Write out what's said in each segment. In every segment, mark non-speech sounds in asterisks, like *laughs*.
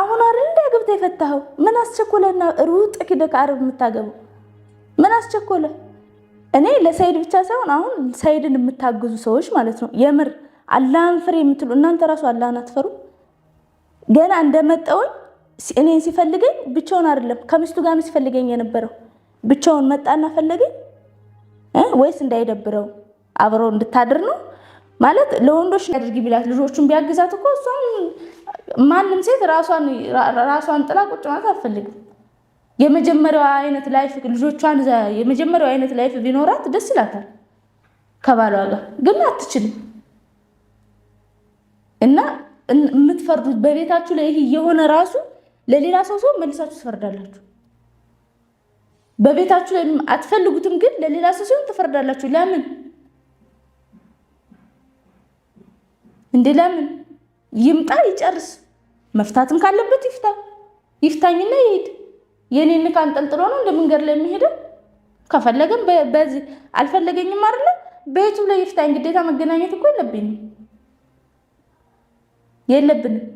አሁን አይደል እንደ ግብት የፈታኸው? ምን አስቸኮለና ሩጥ ሂደህ ከአረብ የምታገባው ምን አስቸኮለ? እኔ ለሰይድ ብቻ ሳይሆን አሁን ሰይድን የምታግዙ ሰዎች ማለት ነው የምር አላህን ፍሬ የምትሉ እናንተ ራሱ አላህን አትፈሩ። ገና እንደመጣውኝ እኔን ሲፈልገኝ ብቻውን አይደለም ከሚስቱ ጋር ሲፈልገኝ የነበረው ብቻውን መጣና ፈለገኝ ወይስ እንዳይደብረው አብረው እንድታድር ነው ማለት ለወንዶች ያድርግ ቢላት ልጆቹን ቢያግዛት እኮ እሷም ማንም ሴት ራሷን ጥላ ቁጭ ማለት አትፈልግም። የመጀመሪያው አይነት ላይፍ ልጆቿን የመጀመሪያው አይነት ላይፍ ቢኖራት ደስ ይላታል ከባሏ ጋር ግን አትችልም። እና የምትፈርዱት በቤታችሁ ላይ ይህ የሆነ ራሱ ለሌላ ሰው ሰው መልሳችሁ ትፈርዳላችሁ። በቤታችሁ ላይ አትፈልጉትም፣ ግን ለሌላ ሰው ሲሆን ትፈርዳላችሁ። ለምን እንዴ? ለምን ይምጣ ይጨርስ። መፍታትም ካለበት ይፍታ። ይፍታኝና ይሄድ። የኔን ዕቃ አንጠልጥሎ ነው እንደ መንገድ ላይ የሚሄደው። ከፈለገም በዚህ አልፈለገኝም አይደለ በዩቱብ ላይ ይፍታኝ። ግዴታ መገናኘት እኮ የለብኝም የለብንም።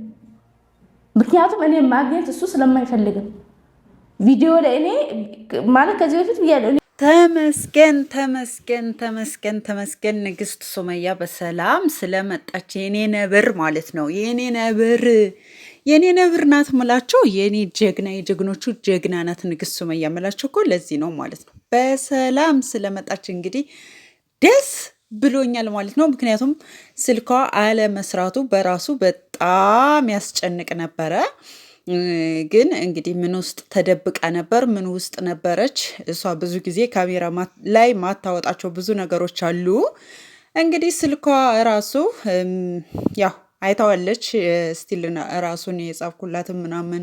ምክንያቱም እኔ ማግኘት እሱ ስለማይፈልግም ቪዲዮ ላይ እኔ ማለት ከዚህ በፊት ብያለሁ። ተመስገን ተመስገን ተመስገን ተመስገን ንግስት ሱመያ በሰላም ስለመጣች የኔ ነብር ማለት ነው። የኔ ነብር የኔ ነብር ናት ምላቸው የኔ ጀግና የጀግኖቹ ጀግና ናት ንግስት ሱመያ ምላቸው እኮ ለዚህ ነው ማለት ነው። በሰላም ስለመጣች እንግዲህ ደስ ብሎኛል ማለት ነው። ምክንያቱም ስልኳ አለመስራቱ በራሱ በጣም ያስጨንቅ ነበረ። ግን እንግዲህ ምን ውስጥ ተደብቃ ነበር፣ ምን ውስጥ ነበረች? እሷ ብዙ ጊዜ ካሜራ ላይ ማታወጣቸው ብዙ ነገሮች አሉ። እንግዲህ ስልኳ ራሱ ያው አይታዋለች። ስቲል ራሱን የጻፍኩላትን ምናምን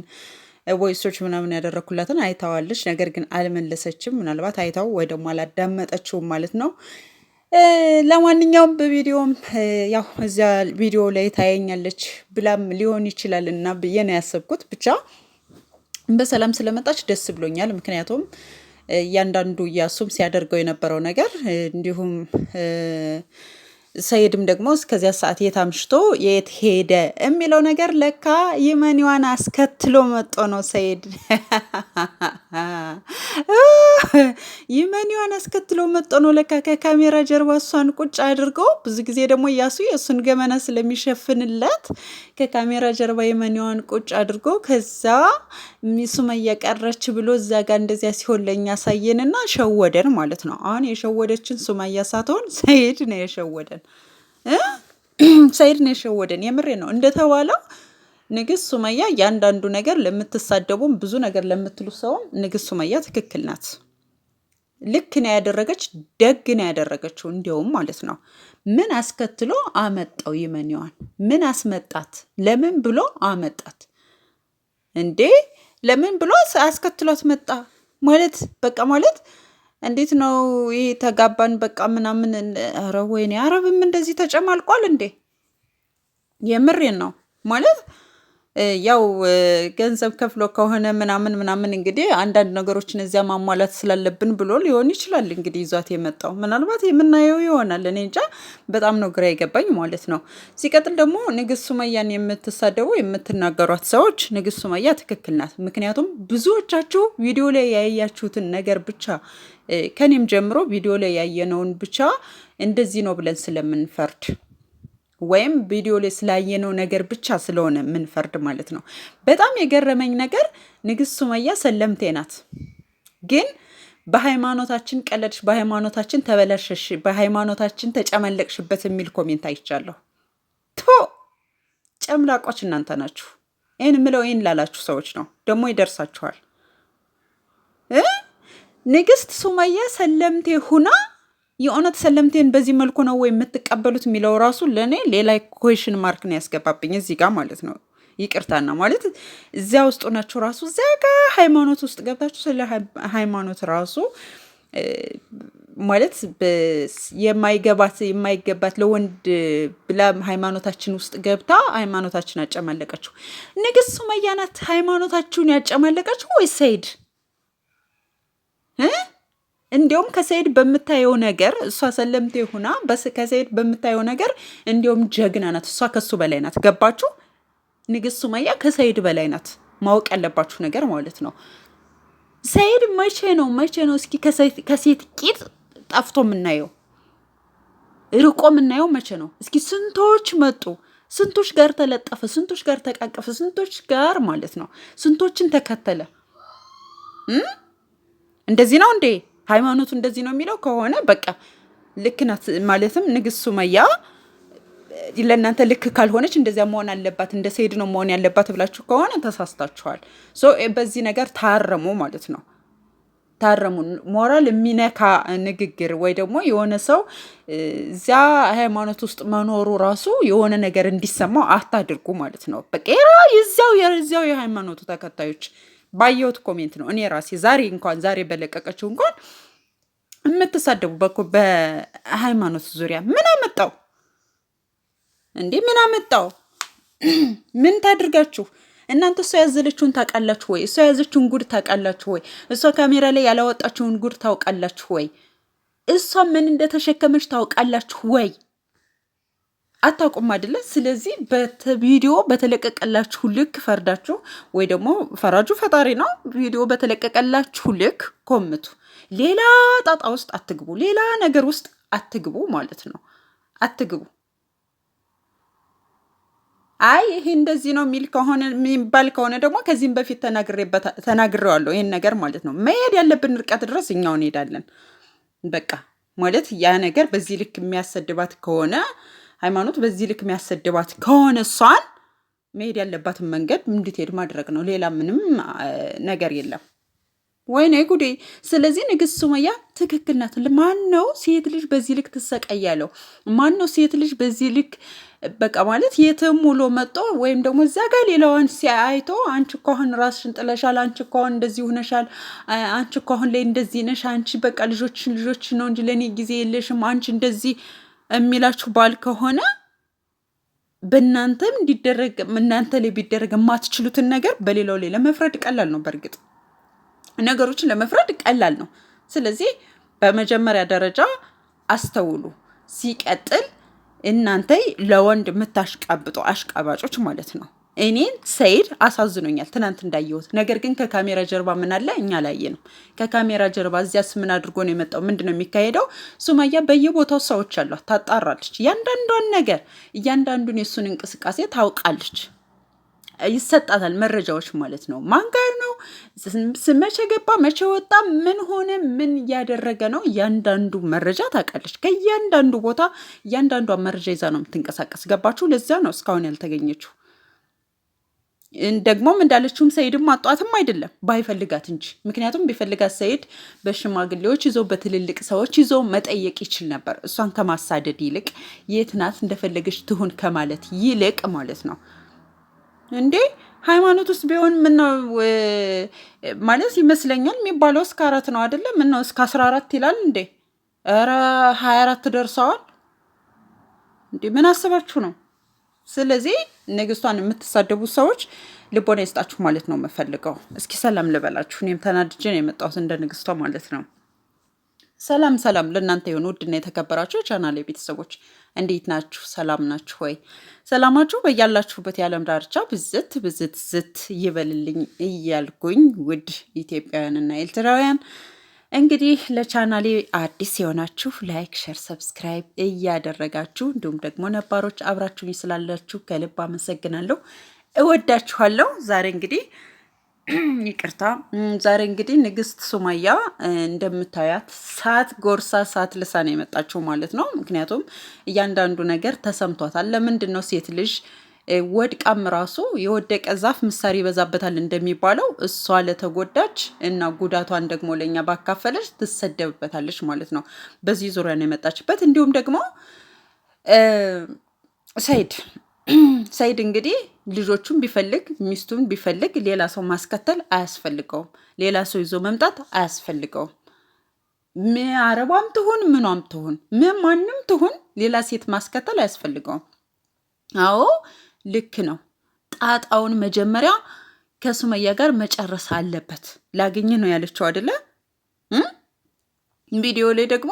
ቮይሶች ምናምን ያደረግኩላትን አይታዋለች። ነገር ግን አልመለሰችም። ምናልባት አይታው ወይ ደግሞ አላዳመጠችውም ማለት ነው። ለማንኛውም በቪዲዮም ያው እዚያ ቪዲዮ ላይ ታየኛለች ብላም ሊሆን ይችላል እና ብዬ ነው ያሰብኩት። ብቻ በሰላም ስለመጣች ደስ ብሎኛል። ምክንያቱም እያንዳንዱ እያሱም ሲያደርገው የነበረው ነገር እንዲሁም ሰይድም ደግሞ እስከዚያ ሰዓት የት አምሽቶ የት ሄደ የሚለው ነገር ለካ ይመኒዋን አስከትሎ መጦ ነው። ሰይድ *laughs* ይመኒዋን አስከትሎ መጦ ነው ለካ ከካሜራ ጀርባ እሷን ቁጭ አድርጎ። ብዙ ጊዜ ደግሞ እያሱ የእሱን ገመና ስለሚሸፍንለት ከካሜራ ጀርባ የመኒዋን ቁጭ አድርጎ ከዛ ሱመያ ቀረች ብሎ እዛ ጋር እንደዚያ ሲሆን ለእኛ ሳየንና ሸወደን ማለት ነው። አሁን የሸወደችን ሱመያ ሳትሆን ሰይድ ነው የሸወደን። የለም። ሰኢድ ነው የሸወደን። የምሬ ነው እንደተባለው ንግስት ሱመያ ያንዳንዱ ነገር ለምትሳደቡም ብዙ ነገር ለምትሉ ሰውም ንግስት ሱመያ ትክክል ናት። ልክ ነው ያደረገች፣ ደግ ነው ያደረገችው። እንዲያውም ማለት ነው ምን አስከትሎ አመጣው ይመንዋን ምን አስመጣት? ለምን ብሎ አመጣት እንዴ? ለምን ብሎ አስከትሏት መጣ ማለት በቃ ማለት እንዴት ነው ይህ ተጋባን በቃ ምናምን? ኧረ ወይኔ፣ አረብም እንደዚህ ተጨማልቋል እንዴ? የምሬን ነው ማለት ያው ገንዘብ ከፍሎ ከሆነ ምናምን ምናምን እንግዲህ አንዳንድ ነገሮችን እዚያ ማሟላት ስላለብን ብሎ ሊሆን ይችላል። እንግዲህ ይዟት የመጣው ምናልባት የምናየው ይሆናል። እኔ እንጃ፣ በጣም ነው ግራ የገባኝ ማለት ነው። ሲቀጥል ደግሞ ንግስት ሱመያን የምትሳደቡ የምትናገሯት ሰዎች ንግስት ሱመያ ትክክል ናት። ምክንያቱም ብዙዎቻችሁ ቪዲዮ ላይ ያያችሁትን ነገር ብቻ ከኔም ጀምሮ ቪዲዮ ላይ ያየነውን ብቻ እንደዚህ ነው ብለን ስለምንፈርድ ወይም ቪዲዮ ላይ ስላየነው ነገር ብቻ ስለሆነ የምንፈርድ ማለት ነው። በጣም የገረመኝ ነገር ንግስት ሱመያ ሰለምቴ ናት፣ ግን በሃይማኖታችን ቀለድሽ፣ በሃይማኖታችን ተበላሸሽ፣ በሃይማኖታችን ተጨመለቅሽበት የሚል ኮሜንት አይቻለሁ። ቶ ጨምላቆች እናንተ ናችሁ። ይህን ምለው ይህን ላላችሁ ሰዎች ነው ደግሞ ይደርሳችኋል። ንግስት ሱመያ ሰለምቴ ሁና የእውነት ሰለምቴን በዚህ መልኩ ነው ወይ የምትቀበሉት የሚለው ራሱ ለእኔ ሌላ ኮሽን ማርክ ነው ያስገባብኝ እዚህ ጋር ማለት ነው። ይቅርታና ማለት እዚያ ውስጡ ናቸው ራሱ እዚያ ጋ ሃይማኖት ውስጥ ገብታችሁ ስለ ሃይማኖት ራሱ ማለት የማይገባት የማይገባት ለወንድ ብላ ሃይማኖታችን ውስጥ ገብታ ሃይማኖታችን ያጨማለቀችው ንግስት ሱመያ ናት። ሃይማኖታችሁን ያጨማለቀችው ወይ ሰይድ እንዲሁም ከሰይድ በምታየው ነገር እሷ ሰለምቴ ሁና ከሰይድ በምታየው ነገር እንዲሁም ጀግና ናት። እሷ ከሱ በላይ ናት። ገባችሁ? ንግስት ሱመያ ከሰይድ በላይ ናት። ማወቅ ያለባችሁ ነገር ማለት ነው። ሰይድ መቼ ነው መቼ ነው እስኪ ከሴት ቂጥ ጠፍቶ የምናየው ርቆ የምናየው መቼ ነው? እስኪ ስንቶች መጡ፣ ስንቶች ጋር ተለጠፈ፣ ስንቶች ጋር ተቃቀፈ፣ ስንቶች ጋር ማለት ነው። ስንቶችን ተከተለ። እንደዚህ ነው እንዴ? ሃይማኖቱ እንደዚህ ነው የሚለው ከሆነ በቃ ልክ ናት። ማለትም ንግስት ሱመያ ለእናንተ ልክ ካልሆነች እንደዚያ መሆን አለባት እንደ ሰይድ ነው መሆን ያለባት ብላችሁ ከሆነ ተሳስታችኋል። በዚህ ነገር ታረሙ ማለት ነው። ታረሙ። ሞራል የሚነካ ንግግር ወይ ደግሞ የሆነ ሰው እዚያ ሃይማኖት ውስጥ መኖሩ ራሱ የሆነ ነገር እንዲሰማው አታድርጉ ማለት ነው። በቃ የዚያው የዚያው የሃይማኖቱ ተከታዮች ባየሁት ኮሜንት ነው እኔ ራሴ ዛሬ እንኳን ዛሬ በለቀቀችው እንኳን የምትሳደቡ በኮ በሃይማኖት ዙሪያ ምን አመጣው እንዴ? ምን አመጣው? ምን ታድርጋችሁ እናንተ? እሷ ያዘለችውን ታውቃላችሁ ወይ? እሷ የያዘችውን ጉድ ታውቃላችሁ ወይ? እሷ ካሜራ ላይ ያላወጣችውን ጉድ ታውቃላችሁ ወይ? እሷ ምን እንደተሸከመች ታውቃላችሁ ወይ? አታውቁም አይደለ? ስለዚህ ቪዲዮ በተለቀቀላችሁ ልክ ፈርዳችሁ ወይ ደግሞ ፈራጁ ፈጣሪ ነው። ቪዲዮ በተለቀቀላችሁ ልክ ኮምቱ። ሌላ ጣጣ ውስጥ አትግቡ፣ ሌላ ነገር ውስጥ አትግቡ ማለት ነው። አትግቡ። አይ ይሄ እንደዚህ ነው የሚል ከሆነ የሚባል ከሆነ ደግሞ ከዚህም በፊት ተናግሬዋለሁ ይህን ነገር ማለት ነው። መሄድ ያለብን ርቀት ድረስ እኛው እንሄዳለን። በቃ ማለት ያ ነገር በዚህ ልክ የሚያሰድባት ከሆነ ሃይማኖት በዚህ ልክ የሚያሰድባት ከሆነ እሷን መሄድ ያለባትን መንገድ እንድትሄድ ማድረግ ነው። ሌላ ምንም ነገር የለም። ወይኔ ጉዴ! ስለዚህ ንግስት ሱመያ ትክክል ናት። ማን ነው ሴት ልጅ በዚህ ልክ ትሰቀያለው? ማን ነው ሴት ልጅ በዚህ ልክ በቃ ማለት የትም ውሎ መጦ ወይም ደግሞ እዚያ ጋር ሌላዋን ሲያይቶ አንቺ እኮ አሁን ራስሽን ጥለሻል፣ አንቺ እኮ አሁን እንደዚህ ሆነሻል፣ አንቺ እኮ አሁን ላይ እንደዚህ ነሽ፣ አንቺ በቃ ልጆችን ልጆች ነው እንጂ ለእኔ ጊዜ የለሽም፣ አንቺ እንደዚህ የሚላችሁ ባል ከሆነ በእናንተም እንዲደረግ እናንተ ላይ ቢደረግ የማትችሉትን ነገር በሌላው ላይ ለመፍረድ ቀላል ነው። በእርግጥ ነገሮችን ለመፍረድ ቀላል ነው። ስለዚህ በመጀመሪያ ደረጃ አስተውሉ። ሲቀጥል እናንተ ለወንድ የምታሽቃብጡ አሽቃባጮች ማለት ነው። እኔን ሰይድ አሳዝኖኛል፣ ትናንት እንዳየሁት። ነገር ግን ከካሜራ ጀርባ ምን አለ እኛ ነው። ከካሜራ ጀርባ እዚያስ ምን አድርጎ ነው የመጣው? ምንድን ነው የሚካሄደው? ሱማያ በየቦታው ሰዎች አሏት፣ ታጣራለች። እያንዳንዷን ነገር እያንዳንዱን የእሱን እንቅስቃሴ ታውቃለች። ይሰጣታል መረጃዎች ማለት ነው። ማን ጋር ነው መቼ ገባ፣ መቼ ወጣ፣ ምን ሆነ፣ ምን እያደረገ ነው? እያንዳንዱ መረጃ ታውቃለች። ከእያንዳንዱ ቦታ እያንዳንዷን መረጃ ይዛ ነው የምትንቀሳቀስ። ገባችሁ? ለዚያ ነው እስካሁን ያልተገኘችው። ደግሞም እንዳለችውም ሰይድም ማጧትም አይደለም ባይፈልጋት እንጂ። ምክንያቱም ቢፈልጋት ሰይድ በሽማግሌዎች ይዞ በትልልቅ ሰዎች ይዞ መጠየቅ ይችል ነበር። እሷን ከማሳደድ ይልቅ የት ናት እንደፈለገች ትሁን ከማለት ይልቅ ማለት ነው እንዴ ሃይማኖት ውስጥ ቢሆን ምነው ማለት ይመስለኛል የሚባለው እስከ አራት ነው አይደለም? ምነው እስከ አስራ አራት ይላል እንዴ? ኧረ ሀያ አራት ደርሰዋል እንዴ? ምን አስባችሁ ነው? ስለዚህ ንግስቷን የምትሳደቡ ሰዎች ልቦና ይስጣችሁ ማለት ነው የምፈልገው። እስኪ ሰላም ልበላችሁ። እኔም ተናድጄ ነው የመጣሁት እንደ ንግስቷ ማለት ነው። ሰላም ሰላም ለእናንተ የሆኑ ውድና የተከበራችሁ የቻናሌ ቤተሰቦች እንዴት ናችሁ? ሰላም ናችሁ ወይ? ሰላማችሁ በያላችሁበት የዓለም ዳርቻ ብዝት ብዝት ዝት ይበልልኝ እያልኩኝ ውድ ኢትዮጵያውያንና ኤርትራውያን እንግዲህ ለቻናሌ አዲስ የሆናችሁ ላይክ፣ ሸር፣ ሰብስክራይብ እያደረጋችሁ እንዲሁም ደግሞ ነባሮች አብራችሁኝ ስላላችሁ ከልብ አመሰግናለሁ። እወዳችኋለሁ። ዛሬ እንግዲህ *clears throat* ይቅርታ፣ ዛሬ እንግዲህ ንግስት ሱመያ እንደምታያት ሳት ጎርሳ ሳት ልሳ ነው የመጣችሁ ማለት ነው። ምክንያቱም እያንዳንዱ ነገር ተሰምቷታል። ለምንድን ነው ሴት ልጅ ወድቃም ራሱ የወደቀ ዛፍ ምሳር ይበዛበታል እንደሚባለው እሷ ለተጎዳች እና ጉዳቷን ደግሞ ለእኛ ባካፈለች ትሰደብበታለች ማለት ነው። በዚህ ዙሪያ ነው የመጣችበት። እንዲሁም ደግሞ ሰይድ *clears throat* ሰይድ እንግዲህ ልጆቹን ቢፈልግ ሚስቱን ቢፈልግ ሌላ ሰው ማስከተል አያስፈልገውም። ሌላ ሰው ይዞ መምጣት አያስፈልገውም። አረቧም ትሁን ምኗም ትሁን ማንም ትሁን ሌላ ሴት ማስከተል አያስፈልገውም። አዎ ልክ ነው። ጣጣውን መጀመሪያ ከሱመያ ጋር መጨረስ አለበት። ላግኝ ነው ያለችው አይደለ? ቪዲዮ ላይ ደግሞ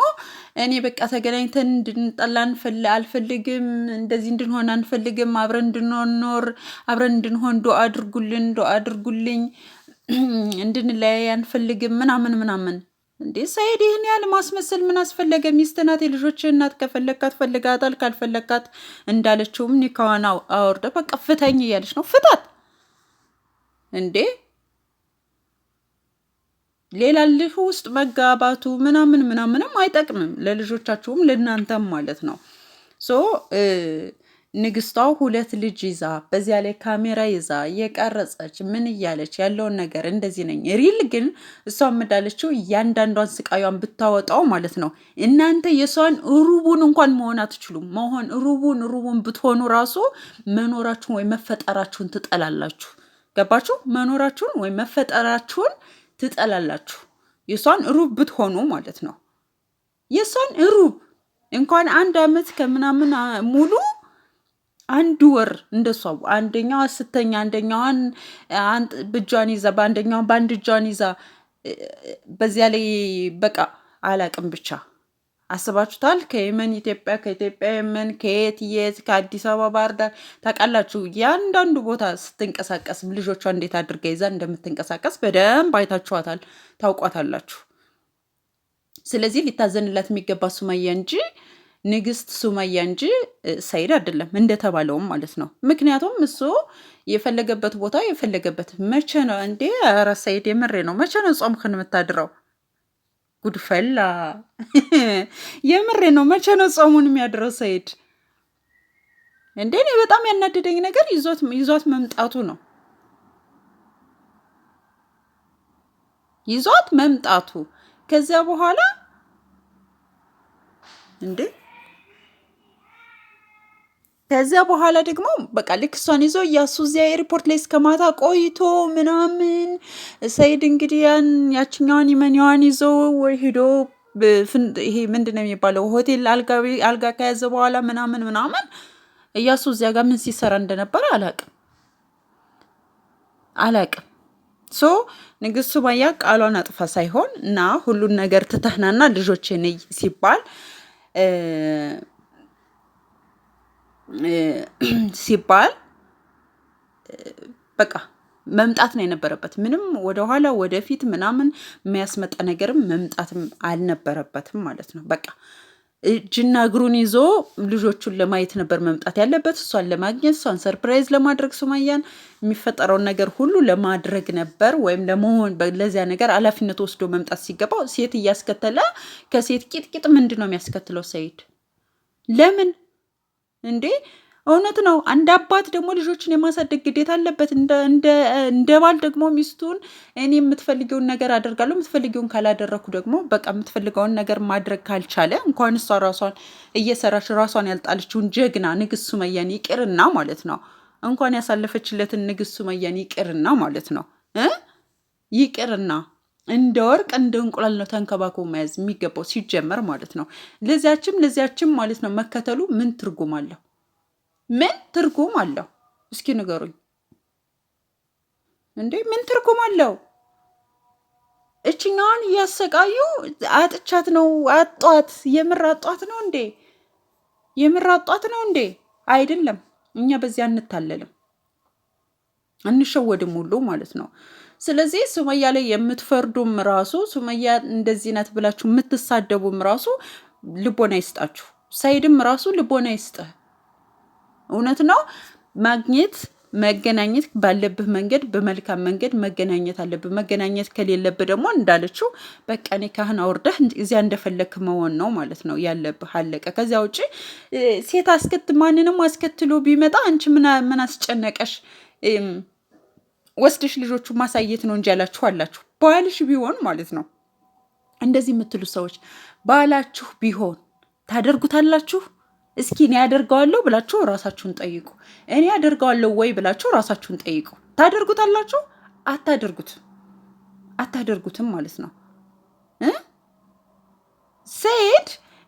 እኔ በቃ ተገናኝተን እንድንጠላ አልፈልግም፣ እንደዚህ እንድንሆን አንፈልግም፣ አብረን እንድንኖር አብረን እንድንሆን ዶ አድርጉልን፣ ዶ አድርጉልኝ፣ *clears throat* እንድንለያይ አንፈልግም ምናምን ምናምን እንዴ ሰይድ ይህን ያህል ማስመሰል ምን አስፈለገ? ሚስት ናት፣ የልጆች እናት። ከፈለግካት ፈልጋታል፣ ካልፈለግካት እንዳለችውም ኒካዋን አወርደ በቃ ፍተኝ እያለች ነው። ፍታት እንዴ ሌላ ልህ ውስጥ መጋባቱ ምናምን ምናምንም አይጠቅምም፣ ለልጆቻችሁም ለእናንተም ማለት ነው ሶ ንግስቷ ሁለት ልጅ ይዛ በዚያ ላይ ካሜራ ይዛ የቀረጸች ምን እያለች ያለውን ነገር እንደዚህ ነኝ ሪል ግን እሷ የምዳለችው እያንዳንዷን ስቃዩን ብታወጣው ማለት ነው። እናንተ የሷን ሩቡን እንኳን መሆን አትችሉም። መሆን ሩቡን ሩቡን ብትሆኑ ራሱ መኖራችሁን ወይም መፈጠራችሁን ትጠላላችሁ። ገባችሁ? መኖራችሁን ወይም መፈጠራችሁን ትጠላላችሁ። የሷን ሩብ ብትሆኑ ማለት ነው። የሷን ሩብ እንኳን አንድ አመት ከምናምን ሙሉ አንድ ወር እንደሷ አንደኛዋ ስተኛ አንደኛዋን ብጇን ይዛ በአንደኛዋን በአንድ እጇን ይዛ በዚያ ላይ በቃ አላቅም ብቻ አስባችሁታል። ከየመን ኢትዮጵያ፣ ከኢትዮጵያ የመን፣ ከየት የት፣ ከአዲስ አበባ ባህር ዳር ታውቃላችሁ። ያንዳንዱ ቦታ ስትንቀሳቀስ ልጆቿ እንዴት አድርጋ ይዛ እንደምትንቀሳቀስ በደንብ አይታችኋታል፣ ታውቋታላችሁ። ስለዚህ ሊታዘንላት የሚገባ ሱማያ እንጂ ንግስት ሱመያ እንጂ ሰይድ አይደለም እንደተባለውም ማለት ነው። ምክንያቱም እሱ የፈለገበት ቦታ የፈለገበት መቼ ነው እንዴ? ኧረ ሰይድ የምሬ ነው። መቼ ነው ጾምክን የምታድረው? ጉድፈላ *laughs* የምሬ ነው። መቼ ነው ጾሙን የሚያድረው ሰይድ እንዴ? እኔ በጣም ያናደደኝ ነገር ይዟት መምጣቱ ነው። ይዟት መምጣቱ ከዚያ በኋላ እንዴ ከዚያ በኋላ ደግሞ በቃ ልክ እሷን ይዞ እያሱ እዚያ ኤርፖርት ላይ እስከ ማታ ቆይቶ ምናምን ሰይድ እንግዲህ ያን ያችኛዋን ይመንዋን ይዞ ሄዶ ይሄ ምንድን ነው የሚባለው ሆቴል አልጋ ከያዘ በኋላ ምናምን ምናምን እያሱ እዚያ ጋር ምን ሲሰራ እንደነበረ አላቅም አላቅም። ሶ ንግስት ሱመያ ቃሏን አጥፋ ሳይሆን እና ሁሉን ነገር ትተህናና ልጆቼ ነይ ሲባል ሲባል በቃ መምጣት ነው የነበረበት። ምንም ወደኋላ ወደፊት ምናምን የሚያስመጣ ነገርም መምጣትም አልነበረበትም ማለት ነው። በቃ እጅና እግሩን ይዞ ልጆቹን ለማየት ነበር መምጣት ያለበት፣ እሷን ለማግኘት፣ እሷን ሰርፕራይዝ ለማድረግ፣ ሱማያን የሚፈጠረውን ነገር ሁሉ ለማድረግ ነበር ወይም ለመሆን ለዚያ ነገር ኃላፊነት ወስዶ መምጣት ሲገባው ሴት እያስከተለ ከሴት ቂጥቂጥ ምንድን ነው የሚያስከትለው ሰይድ ለምን እንዴ እውነት ነው። አንድ አባት ደግሞ ልጆችን የማሳደግ ግዴታ አለበት። እንደ ባል ደግሞ ሚስቱን እኔ የምትፈልጊውን ነገር አደርጋለሁ፣ የምትፈልጊውን ካላደረግኩ ደግሞ በቃ የምትፈልገውን ነገር ማድረግ ካልቻለ እንኳን እሷ ራሷን እየሰራች ራሷን ያልጣለችውን ጀግና ንግስት ሱመያን ይቅርና ማለት ነው እንኳን ያሳለፈችለትን ንግስት ሱመያን ይቅርና ማለት ነው ይቅርና እንደ ወርቅ እንደ እንቁላል ነው ተንከባክቦ መያዝ የሚገባው ሲጀመር ማለት ነው። ለዚያችም ለዚያችም ማለት ነው መከተሉ ምን ትርጉም አለው? ምን ትርጉም አለው? እስኪ ንገሩኝ እንዴ! ምን ትርጉም አለው? እችኛዋን እያሰቃዩ አጥቻት ነው አጧት። የምር አጧት ነው እንዴ? የምር አጧት ነው እንዴ? አይደለም። እኛ በዚያ አንታለልም፣ አንሸወድም ሁሉ ማለት ነው። ስለዚህ ሱመያ ላይ የምትፈርዱም ራሱ ሱመያ እንደዚህ ናት ብላችሁ የምትሳደቡም ራሱ ልቦና ይስጣችሁ። ሳይድም ራሱ ልቦና ይስጥህ። እውነት ነው ማግኘት መገናኘት ባለብህ መንገድ በመልካም መንገድ መገናኘት አለብህ። መገናኘት ከሌለብህ ደግሞ እንዳለችው በቃ ካህን አውርደህ እዚያ እንደፈለክ መሆን ነው ማለት ነው ያለብህ። አለቀ። ከዚያ ውጭ ሴት አስከት ማንንም አስከትሎ ቢመጣ አንቺ ምን አስጨነቀሽ? ወስድሽ ልጆቹ ማሳየት ነው እንጂ ያላችሁ አላችሁ። ባልሽ ቢሆን ማለት ነው እንደዚህ የምትሉ ሰዎች ባላችሁ ቢሆን ታደርጉታላችሁ? እስኪ እኔ ያደርገዋለሁ ብላችሁ ራሳችሁን ጠይቁ። እኔ ያደርገዋለሁ ወይ ብላችሁ ራሳችሁን ጠይቁ። ታደርጉታላችሁ? አታደርጉትም፣ አታደርጉትም ማለት ነው እ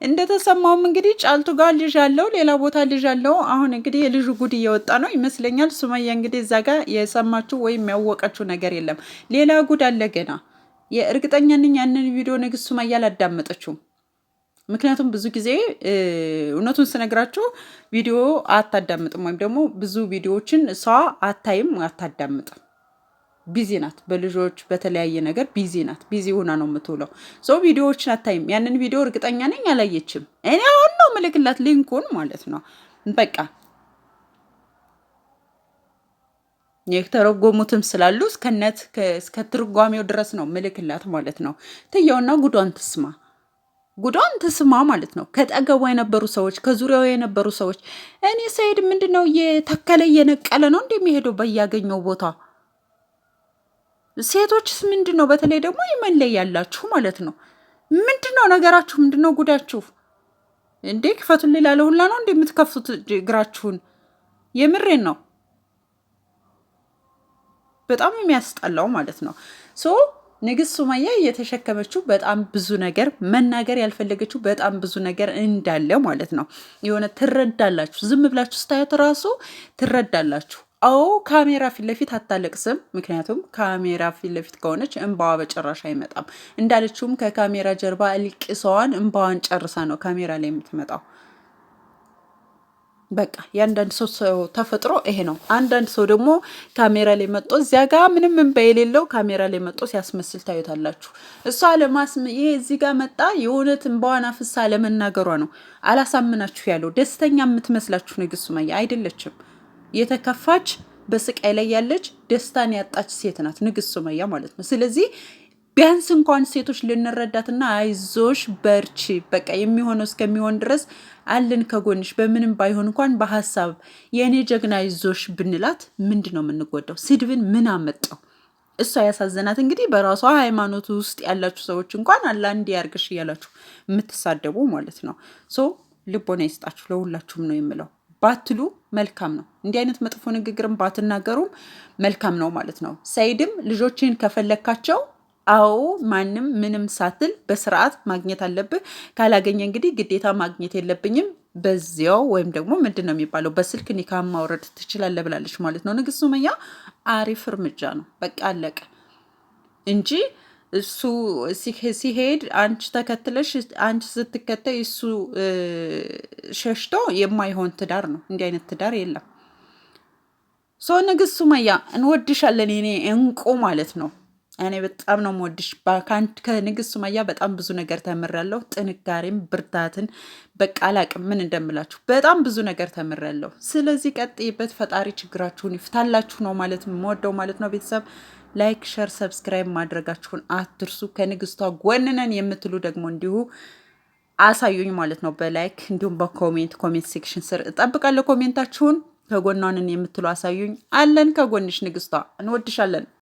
እንደተሰማውም እንግዲህ ጫልቱ ጋር ልጅ አለው፣ ሌላ ቦታ ልጅ አለው። አሁን እንግዲህ የልጁ ጉድ እየወጣ ነው ይመስለኛል። ሱመያ እንግዲህ እዛ ጋር የሰማችው ወይም ያወቀችው ነገር የለም። ሌላ ጉድ አለ ገና። የእርግጠኛ ነኝ ያንን ቪዲዮ ንግስት ሱመያ አላዳመጠችውም። ምክንያቱም ብዙ ጊዜ እውነቱን ስነግራችሁ ቪዲዮ አታዳምጥም፣ ወይም ደግሞ ብዙ ቪዲዮዎችን እሷ አታይም፣ አታዳምጥም። ቢዚ ናት፣ በልጆች በተለያየ ነገር ቢዚ ናት። ቢዚ ሆና ነው የምትውለው። ሰው ቪዲዮዎችን አታይም። ያንን ቪዲዮ እርግጠኛ ነኝ አላየችም። እኔ አሁን ነው ምልክላት ሊንኩን ማለት ነው። በቃ የተረጎሙትም ስላሉ እስከነት እስከ ትርጓሜው ድረስ ነው ምልክላት ማለት ነው። ትየውና ጉዷን ትስማ ጉዳን ትስማ ማለት ነው። ከጠገቧ የነበሩ ሰዎች፣ ከዙሪያው የነበሩ ሰዎች እኔ ሰይድ ምንድነው እየተከለ እየነቀለ ነው እንደሚሄደው በያገኘው ቦታ ሴቶችስ ምንድን ነው? በተለይ ደግሞ የመን ያላችሁ ማለት ነው ምንድን ነው ነገራችሁ? ምንድን ነው ጉዳችሁ? እንዴ ክፈቱን ሌላ ለሁላ ነው እንዴ የምትከፍቱት እግራችሁን። የምሬን ነው በጣም የሚያስጠላው ማለት ነው። ሶ ንግስት ሱማያ እየተሸከመችው በጣም ብዙ ነገር መናገር ያልፈለገችው በጣም ብዙ ነገር እንዳለ ማለት ነው። የሆነ ትረዳላችሁ፣ ዝም ብላችሁ ስታያት ራሱ ትረዳላችሁ። አዎ ካሜራ ፊት ለፊት አታለቅስም። ምክንያቱም ካሜራ ፊት ለፊት ከሆነች እንባዋ በጭራሽ አይመጣም። እንዳለችውም ከካሜራ ጀርባ እልቅሰዋን እንባዋን ጨርሳ ነው ካሜራ ላይ የምትመጣው። በቃ የአንዳንድ ሰው ተፈጥሮ ይሄ ነው። አንዳንድ ሰው ደግሞ ካሜራ ላይ መጦ እዚያ ጋ ምንም እንባ የሌለው ካሜራ ላይ መጦ ሲያስመስል ታዩታላችሁ። እሷ ለማስመ ይሄ እዚህ ጋር መጣ የእውነት እንባዋን አፍሳ ለመናገሯ ነው። አላሳምናችሁ ያለው ደስተኛ የምትመስላችሁ ንግስት ሱመያ አይደለችም። የተከፋች በስቃይ ላይ ያለች ደስታን ያጣች ሴት ናት ንግስት ሱመያ ማለት ነው። ስለዚህ ቢያንስ እንኳን ሴቶች ልንረዳትና አይዞሽ በርቺ፣ በቃ የሚሆነው እስከሚሆን ድረስ አለን ከጎንሽ፣ በምንም ባይሆን እንኳን በሀሳብ የእኔ ጀግና አይዞሽ ብንላት ምንድን ነው የምንጎዳው? ስድብን ምን አመጣው? እሷ ያሳዘናት እንግዲህ በራሷ ሃይማኖት ውስጥ ያላችሁ ሰዎች እንኳን አላንድ ያርግሽ እያላችሁ የምትሳደቡ ማለት ነው። ሶ ልቦና ይስጣችሁ ለሁላችሁም ነው የምለው። ባትሉ መልካም ነው። እንዲህ አይነት መጥፎ ንግግርም ባትናገሩም መልካም ነው ማለት ነው። ሰይድም ልጆችን ከፈለካቸው አዎ ማንም ምንም ሳትል በስርዓት ማግኘት አለብህ። ካላገኘ እንግዲህ ግዴታ ማግኘት የለብኝም በዚያው ወይም ደግሞ ምንድን ነው የሚባለው በስልክ ኒካ ማውረድ ትችላለህ ብላለች ማለት ነው። ንግስት ሱመያ አሪፍ እርምጃ ነው። በቃ አለቀ እንጂ እሱ ሲሄድ አንቺ ተከትለሽ አንቺ ስትከተይ እሱ ሸሽቶ የማይሆን ትዳር ነው። እንዲህ አይነት ትዳር የለም። ሶ ንግስት ሱመያ እንወድሻለን የኔ እንቁ ማለት ነው። እኔ በጣም ነው የምወድሽ። ከንግስት ሱመያ በጣም ብዙ ነገር ተምሬያለሁ። ጥንካሬም ብርታትን በቃ አላቅም ምን እንደምላችሁ በጣም ብዙ ነገር ተምሬያለሁ። ስለዚህ ቀጥይበት፣ ፈጣሪ ችግራችሁን ይፍታላችሁ ነው ማለት የምወደው ማለት ነው ቤተሰብ ላይክ፣ ሸር፣ ሰብስክራይብ ማድረጋችሁን አትርሱ። ከንግስቷ ጎንነን የምትሉ ደግሞ እንዲሁ አሳዩኝ ማለት ነው በላይክ እንዲሁም በኮሜንት ኮሜንት ሴክሽን ስር እጠብቃለሁ ኮሜንታችሁን። ከጎኗንን የምትሉ አሳዩኝ። አለን ከጎንሽ ንግስቷ፣ እንወድሻለን።